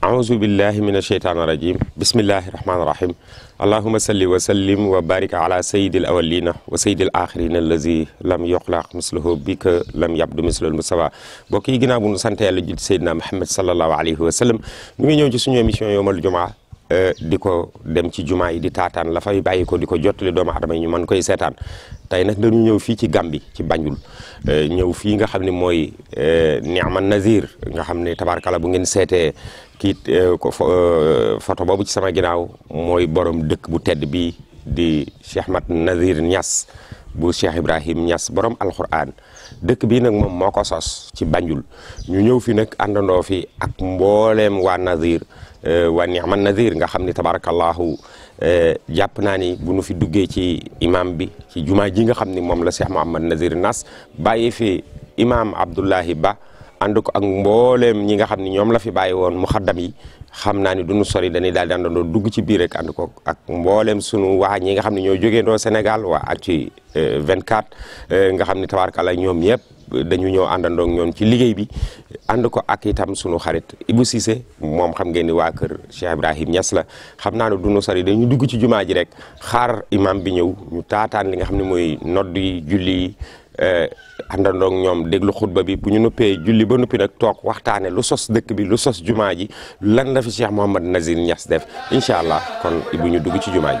aouzu billahi min asheytaan irajim bismillahi irahmaan irahim allahuma salli wa sallim wa barik ala sayidi al awalina wa sayidi al axirina allazi lam yoxlaq mislahu bi ka lam yabdu mislul mustawa bokk yi ginnaaw bu nu sant yàlla jul sayidina muhammad sallallahu alayhi wa sallam ñu ngi ñëw ci suñu émission yowmal jumaa eh, di ko dem ci jumaa yi di taataan la fay bàyyi ko di ko jottali doomu aadama yi ñu mën koy seetaan tey nag dañu ñëw fii ci Gàmbi ci Banjul eh, ñëw fii nga xam ni mooy eh, Niaman Nazir nga xam ne tabaarkala bu ngeen seetee kii eh, photo boobu ci sama ginnaaw mooy borom dëkk bu tedd bi di Cheikh Mat Nazir ñas bu Cheikh Ibrahim ñas borom alquran dëkk bii nag moom moo ko sos ci Banjul ñu ñëw fi nag àndandoo fi ak mbooleem waa Nazir Euh, wa ni'man nadir nga xam ni tabarakallahu euh, jàpp naa ni bu nu fi duggee ci imam bi ci jumaa ji nga xam ni moom la Cheikh Mouhamad Nazir Nas bàyyi fi imam Abdullahi Ba ànd ko ak mboolem ñi nga xam ni ñoom la fi bàyyi woon mu xaddam yi xam naa ni duñu sori dañuy daal di àndandoo dugg ci biir rek ànd ko ak mbooleem sunu waa ñi nga xam ne ñoo jógeendoo Sénégal waa ak ci 24 nga xam ni tabarakallah ñoom ñëpp dañu ñëw àndandoo ak ñoom ci liggéey bi ànd ko ak itam sunu xarit Ibou Cissé moom xam ngeen ni waa kër Cheikh Ibrahim ñas la xam naa ne dunu sori dañu dugg ci jumaa ji rek xaar imaam bi ñëw ñu taataan li nga xam ne mooy nodd yi julli yi eh, àndandoo ak ñoom déglu xutba bi bu ñu noppee julli ba noppi nag toog waxtaane lu sos dëkk bi lu sos jumaa ji lan la fi Cheikh Mouhamad Nazir Niass def incha allah kon Ibou ñu dugg ci jumaa ji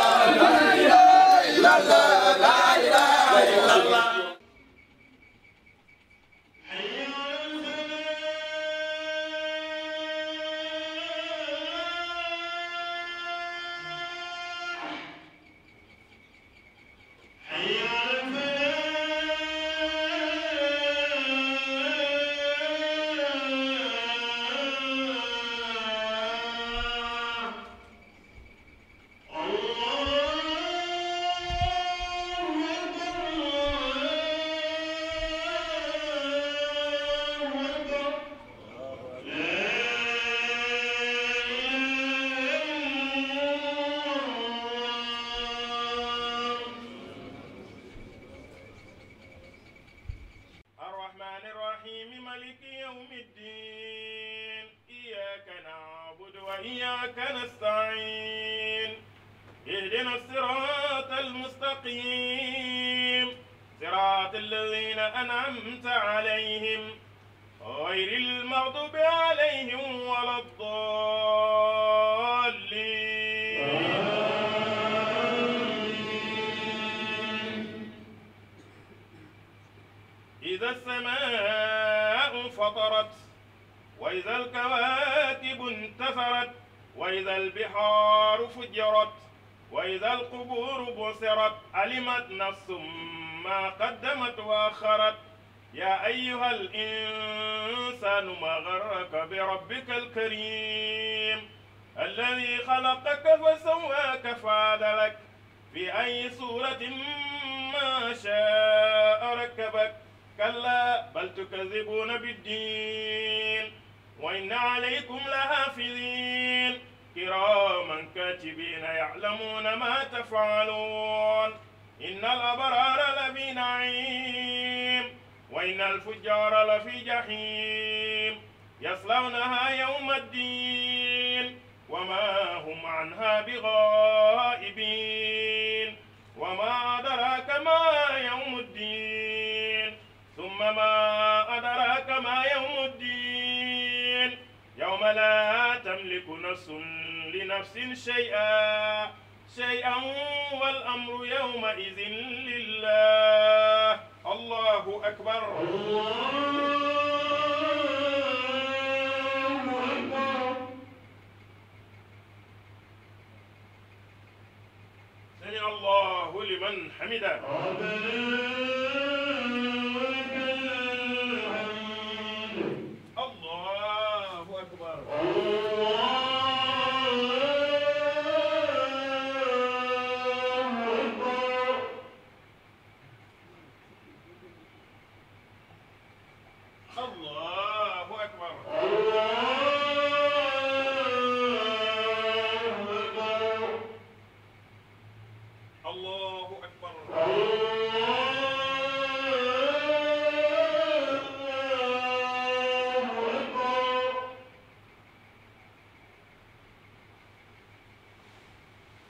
وإياك نستعين اهدنا الصراط المستقيم صراط الذين أنعمت عليهم غير المغضوب عليهم ولا الضالين إذا السماء فطرت وإذا الكواكب انتثرت وإذا البحار فجرت وإذا القبور بصرت علمت نفس ما قدمت وأخرت يا أيها الإنسان ما غرك بربك الكريم الذي خلقك فسواك فعدلك في أي صورة ما شاء ركبك كلا بل تكذبون بالدين وإن عليكم لحافظين كراما كاتبين يعلمون ما تفعلون إن الأبرار لفي نعيم وإن الفجار لفي جحيم يصلونها يوم الدين وما هم عنها بغائبين وما أدراك ما يوم الدين ثم ما يوم لا تملك نفس لنفس شيئا شيئا والأمر يومئذ لله الله أكبر سمع الله لمن حمده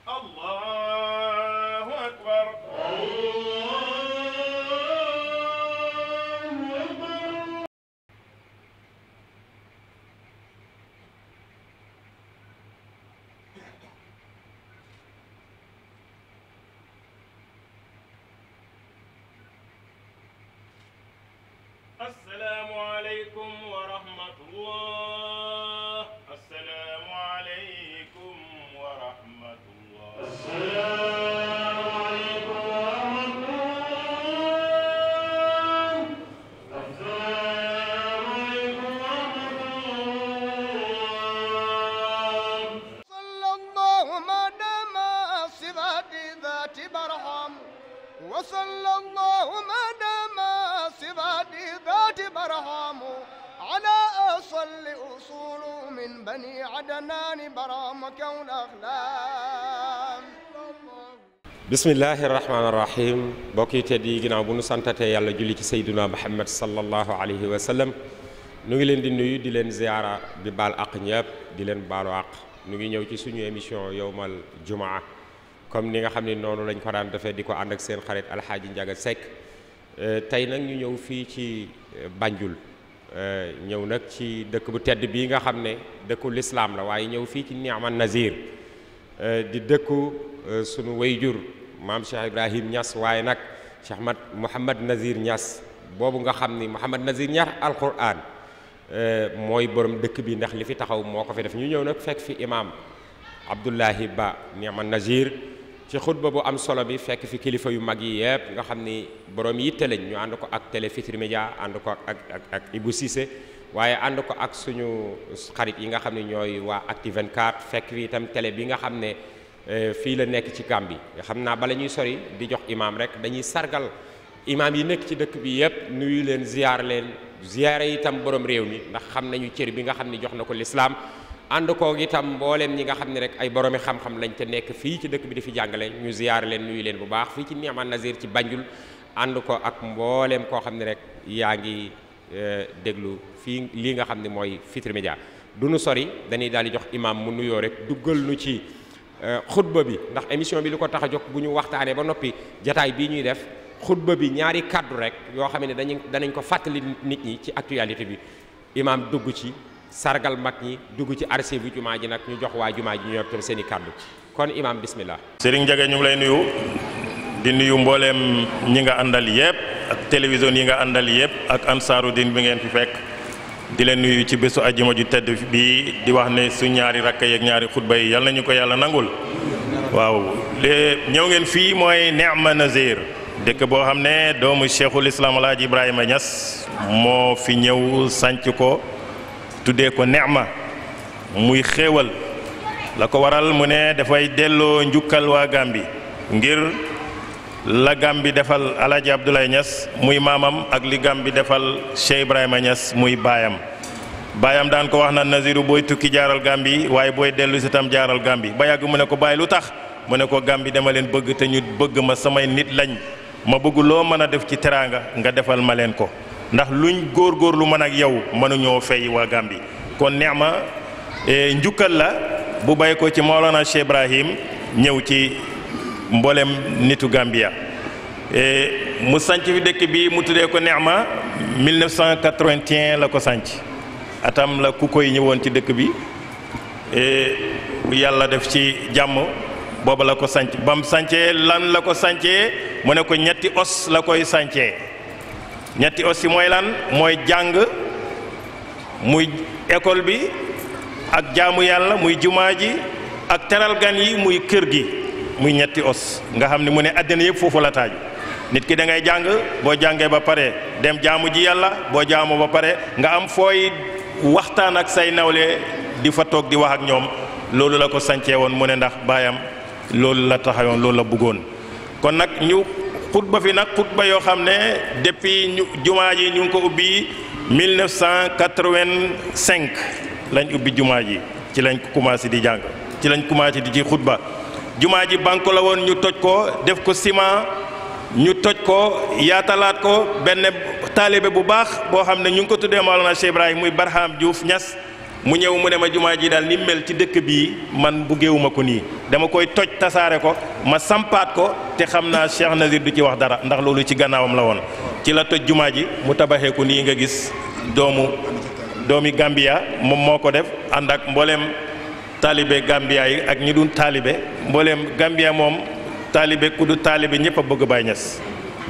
Allah النعمة برهام على mbokk yu tedd yi ginaaw bu nu santatee yàlla julli ci sayduna muhammad sallallahu alayhi wa nu ngi leen di nuyu di leen ziyaara di baal àq ñëpp di leen baalu àq nu ngi ñëw ci suñu émission yowmal jumaa comme ni nga xam ne noonu lañ ko daan defee di ko ànd ak seen xarit alxaaji Njaga Sekk Euh, tey nag ñu ñëw fii ci euh, Banjul euh, ñëw nag ci dëkk bu tedd bii nga xam ne dëkku lislaam la waaye ñëw fii ci Niamal Nazir di dëkku sunu wayjur maam Cheikh Ibrahim Niass waaye nag Cheikh Mat Mouhamad Nazir Niass boobu nga xam ni Mouhamad Nazir Niass alquran mooy borom dëkk bi ndax li fi taxaw moo ko fi def ñu ñëw nag fekk fi imaam Abdullahi Ba Niamal Nazir ci xutba bu am solo bi fekk fi kilifa yu mag yi yëpp nga xam ni borom yitte lañ ñu ànd ko ak Télé Futurs Médias ànd ko ak ak ak Ibou waaye ànd ko ak suñu xarit yi nga xam ne ñooy waa Actu 24 fekk fi itam télé bi nga xam ne euh, fii la nekk ci Gàmbi nga xam naa bala ñuy sori di jox imaam rek dañuy sargal imaam yi nekk ci dëkk bi yëpp nuyu leen ziar leen ziare itam borom réew mi ndax xam nañu cër bi nga xam ne jox na ko lislaam ànd koog itam mbooleem ñi nga xam ne rek ay boroomi xam-xam lañ te nekk fii ci dëkk bi di fi jàngale ñu ziyaar leen nuyu leen bu baax fii ci Niamat Nazir ci Banjul ànd ko ak mbooleem koo xam ne rek yaa ngi eh, déglu fii lii nga xam ne mooy fitre Médias du nu sori dañuy daal di jox imaam mu nuyoo rek duggal nu ci eh, xutba bi ndax émission bi lu ko tax a jóg bu ñu waxtaanee ba noppi jataay bii ñuy def xutba bi ñaari kàddu rek yoo xam ne dañu danañ ko fàttali nit ñi ci actualité bi dugg ci sargal mag ñi dugg ci archive bu jumaa ji nag ñu jox waa jumaa ji ñu yor tam seen i kàddu kon imaam bismillah Serigne Ndiaga ñu ngi lay nuyu di nuyu mbooleem ñi nga àndal yëpp ak télévision yi nga àndal yëpp ak ansaaru din bi ngeen fi fekk di leen nuyu ci bésu ajjuma ju tedd bi di wax ne su ñaari rakk yeeg ñaari xutba yi yal nañu ko yàlla nangul waaw ñëw ngeen fii mooy Nema Nazir dëkk boo xam ne doomu cheikhul islam alaaji Ibrahima ñas moo fi ñëw sanc ko tuddee ko neema muy xéewal la ko waral mu ne dafay delloo njukkal waa Gàmbi ngir la Gàmbi defal Alaaji Abdoulaye ñas muy maamam ak li Gàmbi defal Cheikh Ibrahima ñas muy baayam baayam daan ko wax na Naziru booy tukki jaaral Gàmbi waaye booy dellu si tam jaaral Gàmbi ba yàgg mu ne ko bàyyi lu tax mu ne ko Gàmbi dama leen bëgg te ñu bëgg ma samay nit lañ ma bëgguloo mën a def ci teraanga nga defal ma leen ko ndax luñ góor góor lu mën ak yow mënuñoo fay waa Gàmbi kon neex ma e, njukkal la bu bay ko ci Maolana Cheikh Ibrahim ñëw ci mboolem nitu Gambia e, mu sanc fi dëkk bi mu tuddee ko neex ma 1981 la ko sanc atam la ku koy ñëwoon ci dëkk bi e, yàlla def ci jàmm booba la ko sanc bam sancee lan la ko sancee mu ne ko ñetti os la koy sancee ñetti aussi mooy lan mooy jàng muy école bi ak jaamu yàlla muy jumaa ji ak teral gan yi muy kër gi muy ñetti os nga xam ne mu ne àddina yëpp foofu la taaju nit ki da ngay jàng boo jàngee ba pare dem jaamu ji yàlla boo jaamu ba pare nga am fooy waxtaan ak say nawle di fa toog di wax ak ñoom loolu la ko sancee woon mu ne ndax baayam loolu la taxawoon loolu la bëggoon kon nag ñu xutba fi nag xutba yoo xam ne depuis ñu jumaa ji ñu ngi ko ubbi 1985 lañ ubbi jumaa ji ci lañ ko commencé di jàng ci lañ commencé di ci xutba jumaa ji banque la woon ñu toj ko def ko ciment ñu toj ko yaatalaat ko benn taalibe bu baax boo xam ne ñu ngi ko tuddee Maolana Cheikh Ibrahima muy Barham Diouf ñas mu ñëw mu ne ma jumaa ji daal ni mel ci dëkk bii man buggewuma ko nii dama koy toj tasaare ko ma sampaat ko te xam naa Cheikh Nazir du ci wax dara ndax loolu ci gannaawam la woon ci la toj jumaa ji mu tabaxee ko nii nga gis doomu doomi Gambia moom moo ko def ànd ak mbooleem taalibe Gambia yi ak ñi dun taalibe mbooleem Gambia moom taalibee ku du taalibe ñëpp a bëgg Baay Ñas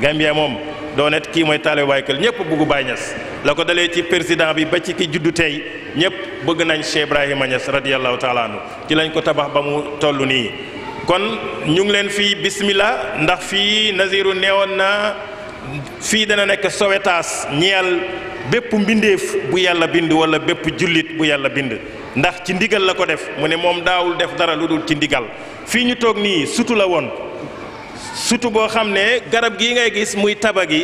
Gambia moom doonet kii mooy taalibe Baay Këll ñëpp bëggu Baay Ñas la ko delee ci président bi ba ci ki juddu tey ñëpp bëgg nañ Cheikh Ibrahima Ñas radiyallahu taala anhu ci lañ ko tabax ba mu toll nii kon ñu ngi leen fii bismillah ndax fii Naziru neewoon na fii dana nekk sowetaas ñeel bépp mbindeef bu yàlla bind wala bépp jullit bu yàlla bind ndax ci ndigal la ko def mu ne moom daawul def dara lu dul ci ndigal fii ñu toog nii sutu la woon surtout boo xam ne garab gi ngay gis muy taba gi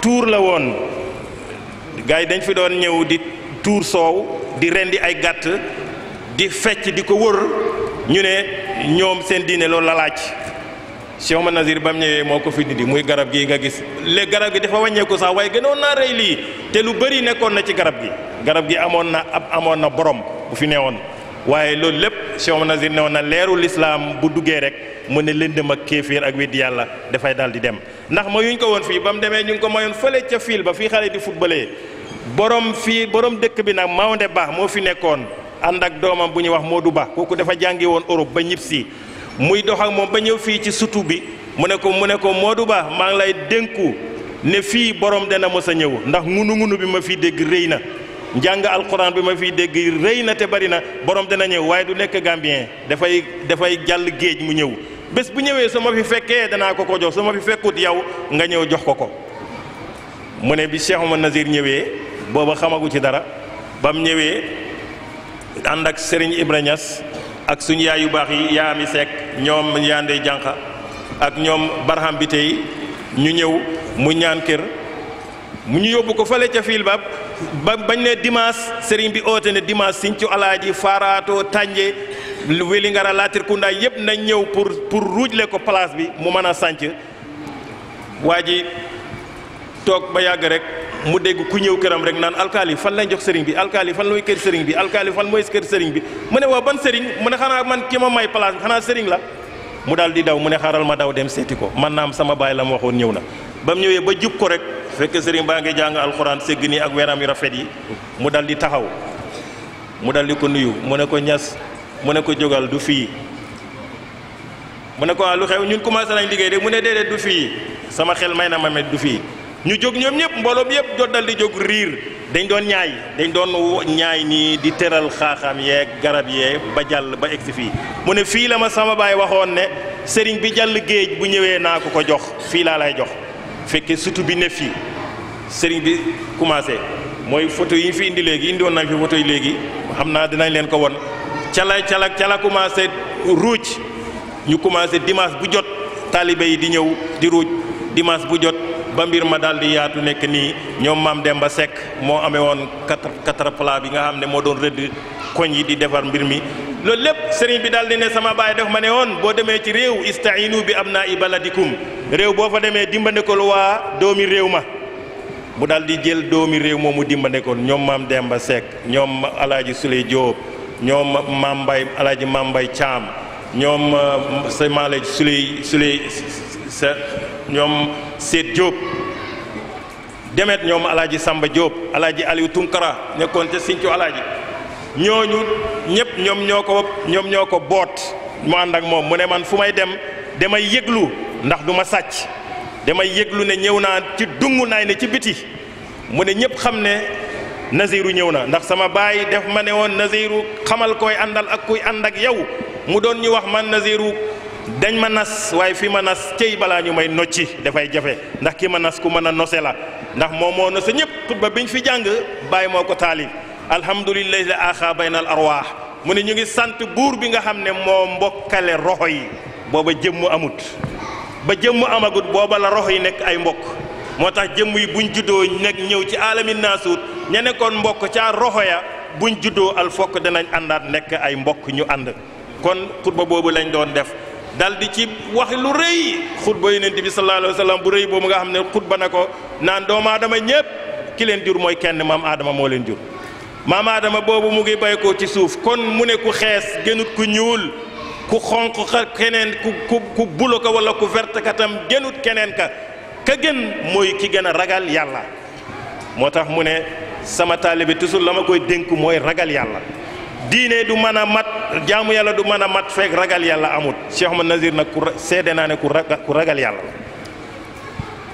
tuur la woon gars yi dañ fi doon ñëw di tuur soow di rendi ay gàtt di fecc di ko wër ñu ne ñoom seen diine loolu la laaj Cheikh Oumar Nazir bam ñëwee moo ko fi dindi muy garab gi nga gis léegi garab gi dafa wàññeeku sax waaye gënoon naa rëy lii te lu bari nekkoon na ci garab gi garab gi amoon na ab amoon na borom bu fi newoon waaye loolu lépp Cheikh Oumar Nazir ne woon na leeru lislaam bu duggee rek mu ne lëndëm ak kéefir ak weddi yàlla dafay daal di dem ndax ma yu mayuñ ko woon fii ba mu demee ñu ngi ko mayoon fële ca fiil ba fii xale di futbalee boroom fii borom dëkk bi nag Maodo baax moo fi nekkoon ànd ak doomam bu ñuy wax moo Modou Ba kooku dafa jàngi woon Europe ba ñib si muy dox ak moom ba ñëw fii ci sutu bi mu ne ko mu ne ko moo du baax maa ngi lay dénku ne fii borom dana mos a ñëw ndax ngunu ngunu bi ma fii dégg rëy na. njàng alquran bi ma fiy dégg rëy na te bari na borom dana ñëw waaye du nekk gambien dafay dafay jàll géej mu ñëw bés bu ñëwee su ma fi fekkee danaa ko ko jox su ma fi fekkut yow nga ñëw jox ko ko mu ne bi Cheikh Oumar Nazir ñëwee booba xamagu ci dara ba mu ñëwee ànd ak Serigne Ibra ak suñu yaay yu baax yi yaa mi sekk ñoom yaandey jànq ak ñoom barham bi tey ñu ñëw mu ñaan kër mu ñu yóbbu ko fale ca fiil ba bañ ne dimanche sëriñ bi oote ne dimanche Sinthiou Alaaji Faaraatoo Tànje Wélingara Latir Kunda yëpp nañ ñëw pour pour ruujle ko palaas bi mu mën a sànc waa ji toog ba yàgg rek mu dégg ku ñëw këram rek naan alkaali fan lañ jox sëriñ bi alkaali fan mooy kër sëriñ bi alkaali fan mooy kër sëriñ bi mu ne waa ban sëriñ mu ne xanaa man ki ma may place bi xanaa sëriñ la mu daal di daw mu ne xaaral ma daw dem seeti ko man am sama baay la ma waxoon ñëw na ba mu ñëwee ba jub ko rek fekk sëriñ baa ngi jàng alxuraan ségg nii ak weeram yu rafet yi mu dal di taxaw mu dal di ko nuyu mu ne ko ñas mu ne ko jógal du fii mu ne ko ah lu xew ñun commencé nañ liggéey de mu ne déedéet du fii sama xel may na ma met du fii ñu jóg ñoom ñëpp mbooloo bi yëpp joddal di jóg riir dañ doon ñaay dañ doon ñaay nii di tëral xaaxaam yee garab yee ba jàll ba egsi fii mu ne fii la ma sama baay waxoon ne sëriñ bi jàll géej bu ñëwee naa ko ko jox fii laa lay jox fekke sutu bi ne fii sëriñ bi commencé mooy photo yi fi indi léegi indi woon nañ fi photo yi léegi xam naa dinañ leen ko won cala cala cala commencé ruuj ñu commencé dimanche bu jot taalibe yi di ñëw di ruuj dimanche bu jot ba mbir ma daal di yaatu nekk nii ñoom maam Demba sekk moo amee woon quatre quatre plat bi nga xam ne moo doon rëdd koñ yi di defar mbir mi loolu lépp sëriñ bi daal di ne sama baay def ma ne woon boo demee ci réew ista istainu bi am naa i baladikum réew boo fa demee dimbandekol waa doomi réew ma mu daal di jël doomi réew moomu dimbandekol ñoom maam Demba Seck ñoom alaaji Suley Joob ñoom maam Mbay alaaji maam Mbay Caam ñoom euh, sa maalaj Suley Suley sa ñoom Seet jóob demet ñoom alaaji Samba jóob alaaji Aliou Tunkara nekkoon ca Sinthiou alaaji ñooñu ñëpp ñoom ñoo ko ñoom ñoo ko boot mu ànd ak moom mu ne man fu may dem damay yëglu ndax du ma sàcc damay yëglu ne ñëw naa ci dungu naay ne ci biti mu ne ñëpp xam ne Naziru ñëw na ndax sama baay def ma ne woon Naziru xamal koy àndal ak kuy ànd ak yow mu doon ñu wax man Naziru dañ ma nas waaye fi ma nas cëy balaa ñu may nocci dafay jafe ndax ki ma nas ku mën a nose la ndax moom moo nose ñëpp xutba biñ fi jàng bàyyi moo ko taali alhamdulillahi la aaxa bayna al arwaax mu ne ñu ngi sant buur bi nga xam ne moo mbokkale roxo yi booba jëmm amut ba jëmm amagut booba la roxo yi nekk ay mbokk moo tax jëm yi buñ juddoo nekk ñëw ci alami naasuut ña nekkoon mbokk ca roxo ya buñ juddoo al fokk danañ àndaat nekk ay mbokk ñu ànd kon xutba boobu lañ doon def dal di ci wax lu rëy xutba yonent bi sallallahu alayhi wa sallam bu rëy boobu nga xam ne xutba na ko naan doomu aadama ñépp ki leen jur mooy kenn maam aadama moo leen jur maam aadama boobu mu ngi bay ko ci suuf kon mu ne ku xees gënut ku ñuul ku xonq xa keneen ku ku ku bulo ka wala ku vert ka tam gënut keneen ka ka gën mooy ki gën a ragal yàlla moo tax mu ne sama taalibe toujours la ma koy dénk mooy ragal yàlla diine du mën a mat jaamu yàlla du mën a mat fekk ragal yàlla amut Cheikh Ahmad Nazir nag ku seede naa ne ku ragal yàlla la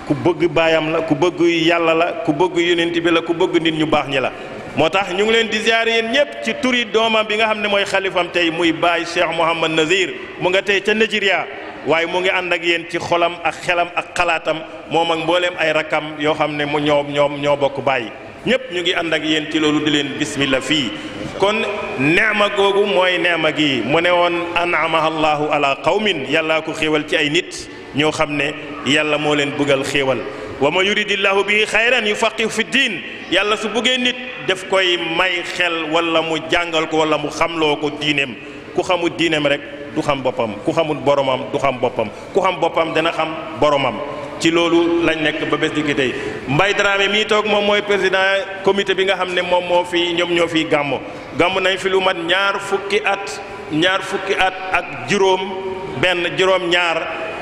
ku bëgg baayam la ku bëgg yàlla la ku bëgg yonent bi la ku bëgg nit ñu baax ñi la moo tax ñu ngi leen di ziare yéen ñëpp ci turi doomam bi nga xam ne mooy xalifam tey muy baay Cheikh Mouhamad Nazir mu nga tey ca Nigeria waaye mu ngi ànd ak yéen ci xolam ak xelam ak xalaatam moom ak mbooleem ay rakkam yoo xam ne mu ñoom ñoom ñoo bokk bàyyi ñëpp ñu ngi ànd ak yéen ci loolu di leen bismillah fii kon neema googu mooy neema gi mu ne woon anamaha allahu ala qawmin yàllaa ko xéewal ci ay nit ñoo xam ne yàlla moo leen bëggal xéewal wa ma yuridillahu bi yu yufaqihu fi diin yàlla su bëggee nit def koy may xel walla mu jàngal ko wala mu xamloo ko diineem ku xamul diineem rek du xam boppam ku xamul boromam du xam boppam ku xam boppam dana xam boromam ci loolu lañ nekk ba bés di ki tey Mbaye Dramé mii toog moom mooy président comité bi nga xam ne moom moo fi ñoom ñoo fiy gàmmo gàmm nañ fi lu mat ñaar fukki at ñaar fukki at ak juróom benn juróom ñaar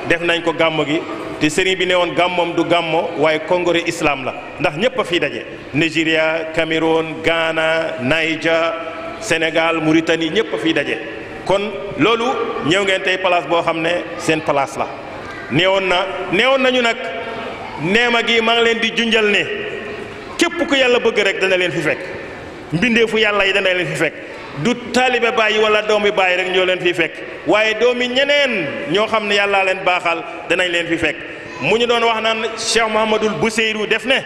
def nañ ko gàmm gi te sëriñ bi ne woon gàmmoom du gàmmo waaye congrès islam la ndax ñépp a fiy daje Nigeria Cameroun Ghana Niger Sénégal Mauritanie ñépp a fi daje kon loolu ñëw ngeen tey place boo xam ne seen place la neewoon na neewoon nañu nag neema gi maa ngi leen di junjal ne képp ku yàlla bëgg rek dana leen fi fekk mbindeefu yàlla yi dana leen fi fekk du taalibe bàyyi wala doomi bàyyi rek ñoo leen fi fekk waaye doomi ñeneen ñoo xam ne yàllaa leen baaxal danañ leen fi fekk mu ñu doon wax naan Cheikh Mouhamadul Bousseyrou def ne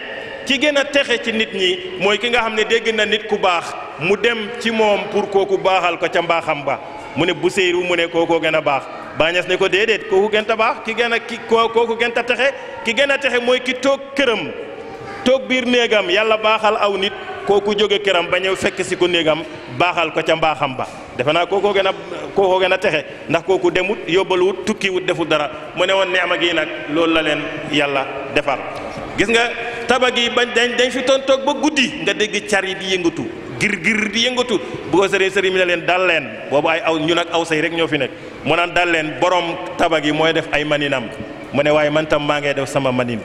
ki gën a texe ci nit ñi mooy ki nga xam ne dégg na nit ku baax mu dem ci moom pour kooku baaxal ko ca mbaaxam ba mu ne Bousseyrou mu ne kookoo gën a baax bàññees ne ko déedéet kooku gën baax ki gën a ki kooku gën a texe ki gën a texe mooy ki toog këram toog biir néegam yàlla baaxal aw nit kooku jóge këram ba ñëw fekk si ko néegam baaxal ko ca mbaaxam ba defe naa kookoo gën a kookoo gën a texe ndax kooku demut yóbbaluwut tukkiwut deful dara mu ne woon neema gi nag loolu la leen yàlla defar gis nga taba gi ba dañ dañ fi toon toog ba guddi nga dégg car yi di yëngatu gir gir di yëngatu boo ko sëriñ sëriñ bi ne leen dal leen boobu ay aw ñun nag aw say rek ñoo fi nekk mu naan dal leen borom taba gi mooy def ay maninam mu ne waaye man maa ngay def sama manin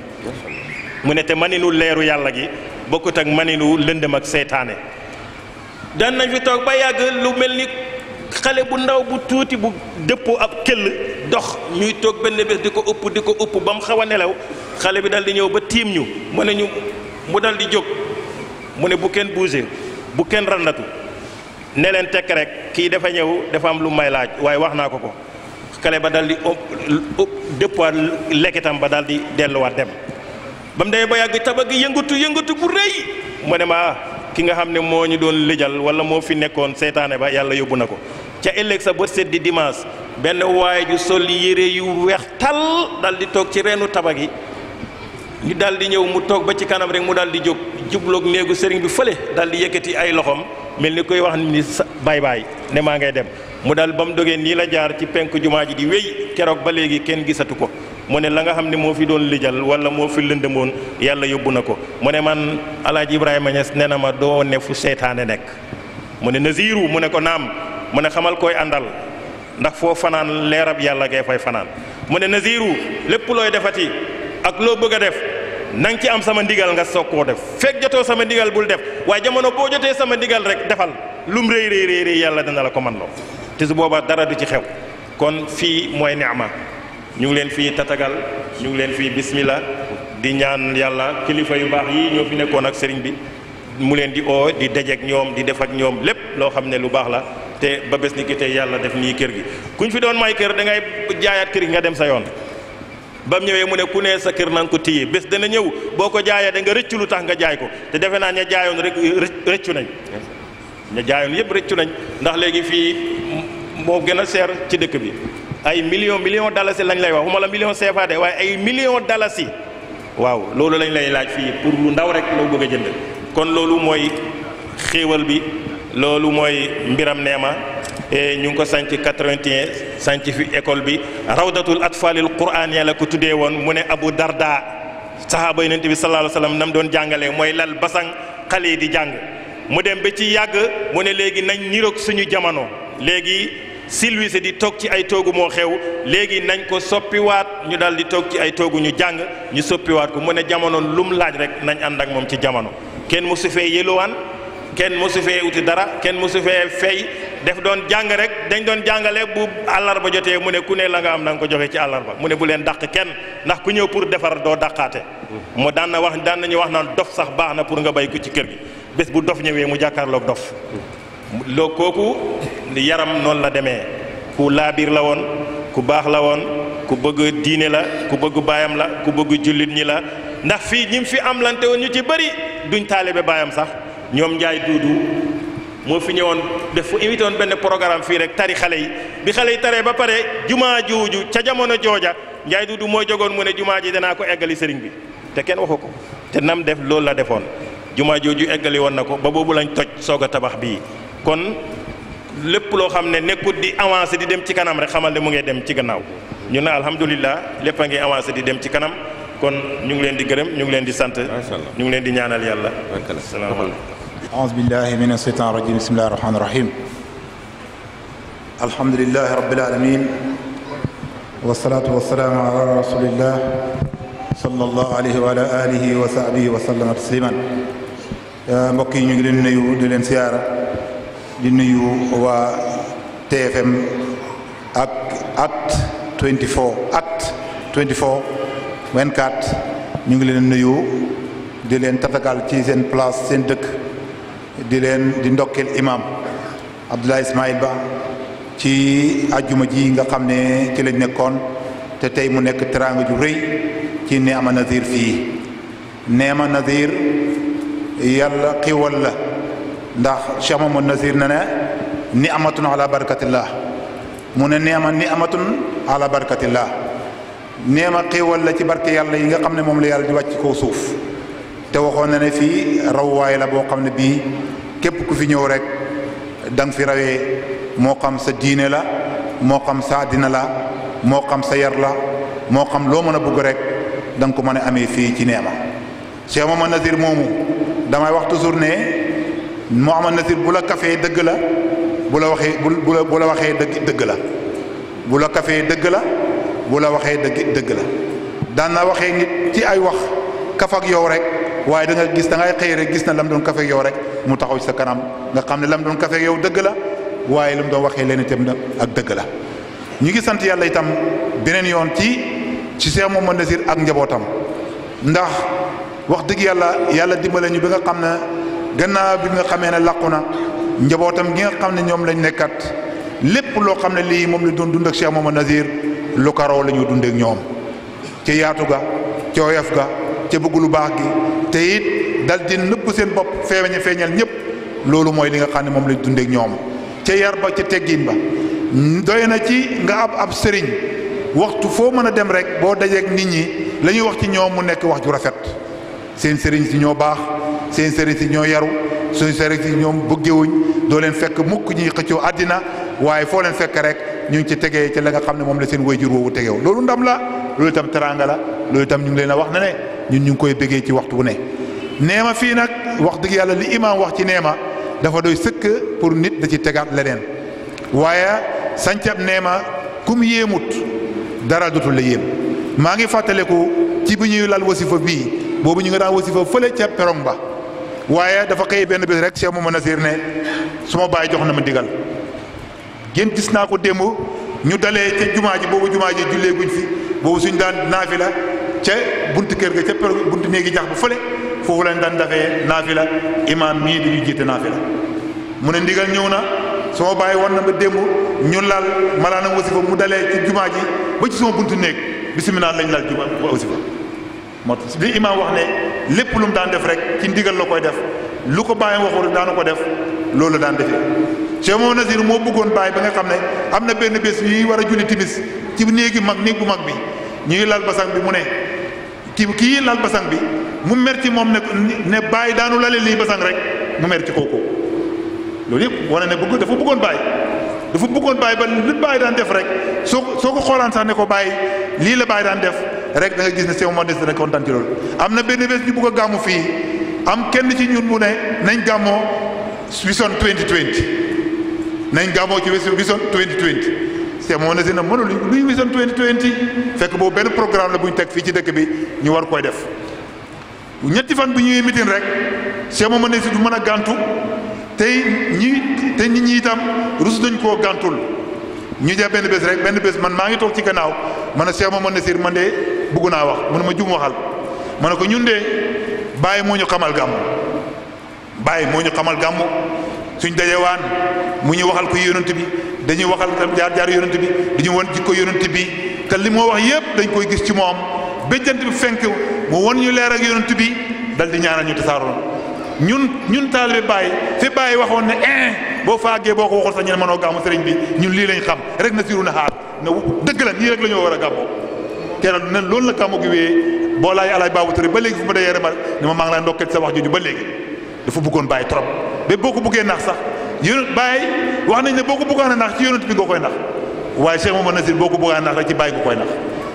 mu ne te maninu leeru yàlla gi bokkut ak maninu lëndëm ak seytaane daan nañ fi toog ba yàgg lu mel ni xale bu ndaw bu tuuti bu dëppoo ab këll dox ñuy toog benn bés di ko upp di ko upp ba mu xaw a nelaw xale bi dal di ñëw ba tiim ñu mu ne ñu mu dal di jóg mu ne bu kenn buuse bu kenn randatu ne leen tekk rek kii dafa ñëw dafa am lu may laaj waaye wax naa ko ko kale ba daal di dëppuwaat lekkitam ba daal di delluwaat dem ba mu demee ba yàgg tabag gi yëngatu yëngatu bu rëy mu ne ma ah, ki nga xam ne moo ñu doon lijal wala moo fi nekkoon seytaane ba yàlla yóbbu na ko ca ëllëg sa bët set di dimanche benn waay ju sol yére yu weex tal dal di toog ci reenu tabag yi ñu daal di ñëw mu toog ba ci kanam rek mu daal di jóg jubloog néegu sëriñ bi fale daal di yëkkati ay loxoom mel ni koy wax ni sa baay baay ne maa ngay dem mu daal ba mu dogee nii la jaar ci penk jumaa ji di wéy keroog ba léegi kenn gisatu ko mu ne la nga xam ne moo fi doon lijal wala moo fi lëndëmoon yàlla yóbbu na ko mu ne man alaaj Ibrahima Niass nee na ma doo ne fu seytaane nekk mu ne naziru mu ne ko naam mu ne xamal koy àndal ndax foo fanaan leerab yàlla ngay fay fanaan ak loo bëgg a def na nga ci am sama ndigal nga soog koo def fekk jotoo sama ndigal bul def waaye jamono boo jotee sama ndigal rek defal lum rëy rëy rëy yàlla dana la ko man loo te su boobaa dara du ci xew kon fii mooy neema ñu ngi leen fii tatagal ñu leen fii bismillah di ñaan yàlla kilifa yu baax yii ñoo fi nekkoon ak sëriñ bi mu leen di oo di dajeek ñoom di def ak ñoom lépp loo xam ne lu baax la te ba bés ni ki yàlla def nii kër gi kuñ fi doon may kër da ngay jaayaat kër gi nga dem sa yoon ba ñëwee mu ne ku ne sa kër na nga ko téye bés dana ñëw boo ko jaayee da nga rëccu lu tax nga jaay ko te defe naa ña jaayoon rek rëccu nañ ña jaayoon yëpp rëccu nañ ndax léegi fii moo gën a seer ci dëkk bi ay million million dalasi lañ lay wax xuma la million CFA de waaye ay million dalasi waaw loolu lañ lay laaj fii pour lu ndaw rek loo bëgg a jënd kon loolu mooy xéewal bi loolu mooy mbiram neema E ñu ngi ko sanc 81 sanc fi école bi rawdatul atfalil quran ya la ko tuddee woon mu ne Abu Darda sahaaba yonent bi sallallahu alayhi wa sallam nam doon jàngalee mooy lal basang xale yi di jàng mu dem ba ci yàgg mu ne léegi nañ niroog suñu jamono léegi silwise di toog ci ay toogu moo xew léegi nañ ko soppiwaat ñu daal di toog ci ay toogu ñu jàng ñu soppiwaat ko mu ne jamono lu mu laaj rek nañ ànd ak moom ci jamono kenn mosu fee yëlowaan kenn mosu fee uti dara kenn mosu fee fay def doon jàng rek dañ doon jàngale bu àllarba jotee mu ne ku ne la nga am nanga ko joxe ci àllarba mu ne bu leen dàq kenn ndax ku ñëw pour defar doo daqaate mu daan na wax daan nañu wax naan dof sax baax na pour nga bay ko ci kër gi bés bu dof ñëwee mu jàkkaarloog dof loo kooku yaram noonu la demee ku laabiir la woon ku baax la woon ku bëgg diine la ku bëgg baayam la ku bëgg jullit ñi la ndax fii ñi fi am lante woon ñu ci bëri duñ taalibe baayam sax ñoom njaay duudu moo fi ñëwoon def fu invité woon benn programme fii rek tari xale yi bi xale yi taree ba pare jumaa jooju ca jamono jooja njaay dudu mooy jogoon mu ne jumaa ji danaa ko eggali sëriñ bi te kenn waxu ko te nam def loolu la defoon jumaa jooju eggali woon na ko ba boobu lañ toj soog a tabax bii kon lépp loo xam ne nekkut di avancé di dem ci kanam rek xamal ne mu ngee dem ci gannaaw ñu ne alhamdulilah lépp a ngi avancé di dem ci kanam kon ñu ngi leen di gërëm ñu ngi leen di sant. ñu ngi di ñaanal yàlla. salaamaaleykum أعوذ بالله من الشيطان الرجيم بسم الله الرحمن الرحيم الحمد لله رب العالمين والصلاة والسلام على رسول الله صلى الله عليه وعلى آله وصحبه وسلم تسليما mbokk yi ñu ngi leen nuyu di leen siyaara di nuyu waa TFM ak at 24 at 24 24 ñu ngi leen nuyu di leen tatagal ci seen place seen dëkk di leen di ndokkeel imam Abdoulaye Ismaïl Ba ci ajjuma ji nga xam ne ci lañ nekkoon te tey mu nekk teraanga ju rëy ci Néema Nazir fii Néema Nazir yàlla xiwal la ndax Cheikh Mamadou Nazir ne ne ni amatun ala barakatillah mu ne Néema ni amatun ala barakatillah Néema xiwal la ci barke yàlla yi nga xam ne moom la yàlla di wàcc koo suuf te waxoon na ne fii rawuwaay la boo xam ne bii képp ku fi ñëw rek da fi rawee moo xam sa diine la moo xam sa àddina la moo xam sa yar la moo xam loo mën a bëgg rek da nga ko mën a amee fii ci neema Cheikh a Nazir moomu damay wax toujours ne Mouhamad Nazir bu la kafee dëgg la bu la waxee la waxee dëgg dëgg la bu la kafee dëgg la bu la waxee dëgg dëgg la daan na waxee nit ci ay wax kaf yow rek. waaye da gis da ngay xëy rek gis na lam doon kafeeg yow rek mu taxaw ci sa kanam nga xam ne lam doon kafeeg yow dëgg la waaye lam doon waxee leen itam ak dëgg la ñu ngi sant yàlla itam beneen yoon ci ci Cheikh a Nazir ak njabootam ndax wax dëgg yàlla yàlla dimbale ñu bi nga xam gannaaw bi nga xamee ne làqu na njabootam gi nga xam ne ñoom lañ nekkat lépp loo xam ne lii moom la doon dund ak Cheikh a Nazir lu karoo la ñu dundee ñoom ci yaatu ga ci ga ca bëgg lu baax gi te it dal di nëpp seen bopp feeñe feeñal ñëpp loolu mooy li nga xam ne moom lañ dundeek ñoom ca yar ba ca teggin ba doy na ci nga ab ab sëriñ waxtu foo mën a dem rek boo dajeek nit ñi la ñuy wax ci ñoom mu nekk wax ju rafet seen sëriñ si ñoo baax seen sëriñ si ñoo yaru seen sëriñ si ñoom bëggewuñ doo leen fekk mukk ñuy xëccoo àddina waaye foo leen fekk rek ñu ci tegee ci la xam ne moom la seen wayjur woowu tegeew loolu ndam la loolu itam teraanga la loolu itam ñu leen a wax ne ñun ñu ngi koy bëggee ci waxtu wu ne neema fii nag wax dëgg yàlla li imaam wax ci neema dafa doy sëkk pour nit da ci tegaat leneen waaye sancab neema kum yéemut dara dootul la yéem maa ngi fàttale fàttaliku ci bi ñuy lal wasifa bii boobu ñu nga daan wasifa fële ca perong ba waaye dafa xëy benn bi rek Cheikh ma Nasir ne su ma bàyyi jox na ma digal gën gis naa ko démb ñu dale ca jumaa ji boobu jumaa ji jullee guñ fi boobu suñ daan la ca buntu kër ga ca buntu néegi jax bu fële foofu lañ daan dafee naafila imaam mii di ñu jiite naafila mu ne ndigal ñëw na sama bàyyi woon na ma démb ñu laal malaana wasifa mu dalee ci ji ba ci sama néeg bisimilah lañ laal jumaa wasifa moo tax li imaam wax ne lépp lu daan def rek ci ndigal la koy def lu ko bàyyi waxul daana ko def loolu daan defee Cheikh na Nazir moo bëggoon bàyyi ba nga xam ne am na benn bés yi war a julli timis ci néegi mag néeg bu mag bi ñuy lal basang bi mu ne ki kii lal basang bi mu merci moom ne ne bàyyi daanu lale lii basang rek mu merci ci kooku loolu yëpp wane ne bëgg dafa bëggoon bàyyi dafa bëggoon bàyyi ba li bàyyi daan def rek soo soo ko xoolaan sax ne ko bàyyi lii la bàyyi daan def rek da gis ne Cheikh Oumar Niass dana ci loolu am na benn bés ñu bëgg a gàmmu fii am kenn ci ñun mu ne nañ gàmmoo Vision 2020 nañ gàmmoo ci Vision 2020 c'est mon asi na mënul luy vision 2020 fekk boobu benn programme la bu ñu teg fii ci dëkk bi ñu war koy def ñetti fan bu ñuy mitin rek c'est moom ne si du mën a gàntu tey ñi te nit ñi itam rus nañ koo gàntul ñu def benn bés rek benn bés man maa ngi toog ci gannaaw man a Cheikh Mamadou Nassir man dee bugg naa wax man ma jum waxal ma ne ko ñun de bàyyi moo ñu xamal gàmm bàyyi moo ñu xamal gàmm suñu suñ waan mu ñu waxal ko yonent bi dañuy waxal jaar jaar yonent bi dañu won jikko yonent bi te li moo wax yépp dañ koy gis ci moom béjjant bi fenk mu won ñu leer ak yonent bi dal di ñaanal ñu tasaaroon ñun ñun taalibe Baay fi Baay waxoon ne eh, boo faagee boo ko waxoon sax ñu ne mënoo gàmmu sëriñ bi ñun lii lañ xam rek na siiru na xaar na dëgg la nii la ñoo war a gàmmoo te nag loolu la gàmmu gi wéyee boo laay alaaj baabu tëri ba léegi fu ma dayee remal ni ma maa ngi laa ndokkee sa wax jooju ba léegi dafa bëggoon Baay trop ba boo ko buggee nax sax yonent wax nañ ne boo ko buggaan a nax ci yonent bi nga koy nax waaye Cheikh Mouhamad Nazir boo a nax rek ci bàyyi nga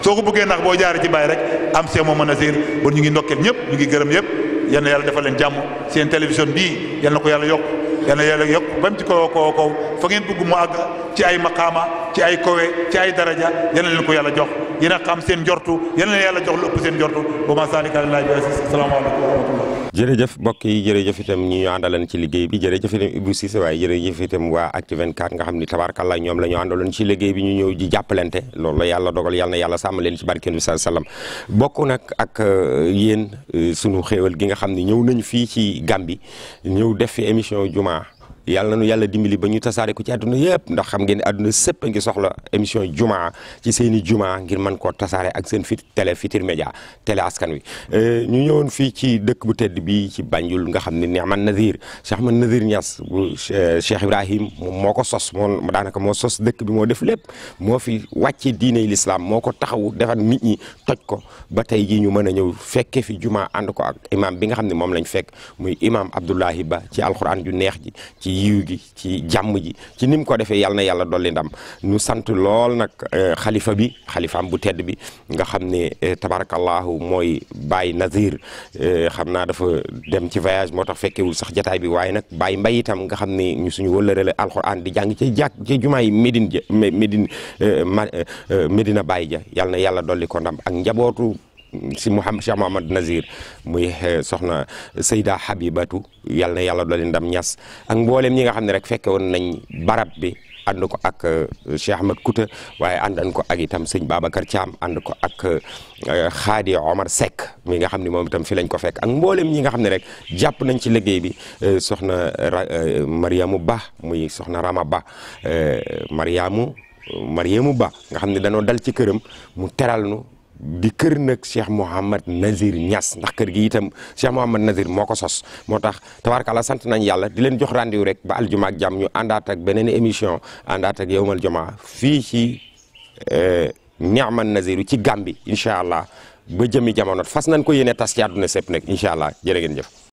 soo ko buggee nax boo jaaree ci bàyyi rek am Cheikh Mouhamad Nazir bon ñu ngi ñëpp ñu ngi gërëm yëpp yal na yàlla defal leen jàmm seen télévision bii yal na ko yàlla yokk yal na yàlla yokk ba mu ci kaw kaw kaw fa ngeen bëgg mu àgg ci ay maqaama ci ay kowe ci ay daraja yal na leen ko yàlla jox yéen na xam seen jortu yal na yàlla jox lu ëpp seen jortu ba ma saalika alilaa bi asalaamaaleykum wa rahmatullah jërëjëf mbokk yi jërëjëf itam ñi ñu àndaloon ci liggéey bi jërëjëf itam Ibou Cissé waaye jërëjëf itam waa Actu 24 nga xam ni tabaarkalla ñoom la ñu àndaloon ci liggéey bi ñu ñëw ji jàppalante loolu la yàlla dogal yàlla na yàlla sàmm leen ci barkeen bi sallallahu alayhi nag ak euh, yéen euh, sunu xéewal gi nga xam ni ñëw nañu fii ci Gàmbi ñëw def fi émission jumaa yàlla nu yàlla dimbali ba ñu tasaare ko ci àdduna yëpp ndax xam ngeen ne àdduna sëpp a ngi soxla émission juma ci seen i ngir mën koo tasaare ak seen fit télé Futurs Médias askan wi. Euh, ñu ñëwoon fii ci dëkk bu tedd bi ci Banjul nga xam ne Niaman Nazir Cheikh Man Nazir Niass bu euh, Cheikh Ibrahim moo ko sos moo daanaka moo sos dëkk bi moo def lépp moo fi wàcce diine l'islam moo ko taxawu defar nit ñi toj ko ba tey jii ñu mën a ñëw fekke fi jumaa ànd ko ak imam bi nga xam ne moom lañ fekk muy imam Abdoulahi Ba ci alxuraan ju neex ji yiw ci jàmm ji ci ni mu ko defee yàlla na yàlla dolli ndam ñu sant lool nag euh, xalifa bi xalifaam bu tedd bi nga xam ne euh, tabarakallahu mooy Baye Nazir euh, xam naa dafa dem ci voyage moo tax fekkewul sax jataay bi waaye nag Baye Mbay itam nga xam ne ñu suñu wëllëre la alxuraan di jàng ci jàkk ci jumaay Médine ja Médine Médina Baye ja yàlla na yàlla dolli ko ndam ak njabootu si Mouhamed Cheikh Mouhamad Nazir muy eh, soxna Seyda Habibatu yàlla na yàlla doole ndam ñas ak mboolem ñi nga xam ne rek fekke woon nañ barab bi ànd ko ak eh, Cheikh Ahmed Kouta waaye àndan ko ak itam sëñ Babacar Thiam ànd ko ak eh, Khady Omar Seck mi nga xam ne moom itam fi lañ ko fekk ak mboolem ñi nga xam ne rek jàpp nañ ci liggéey bi soxna Mariamu Ba muy soxna Rama Ba Mariamu Mariamu Ba nga xam ne danoo dal ci këram mu teral nu di kër nag Cheikh Mouhamad Nazir ñas ndax kër gi itam Cheikh Mouhamad Nazir moo ko sos moo tax te tabaarkalla sant nañ yàlla di leen jox rendez-vous rek ba aljuma ak jàmm ñu àndaat ak beneen émission àndaat ak yowmal juma fii ci eh, Niaman Naziru ci gambi incha allah ba jëmi jamono fas nañ ko yéene tas ci àdduna sépp nag incha allah jërë ngeen jëf.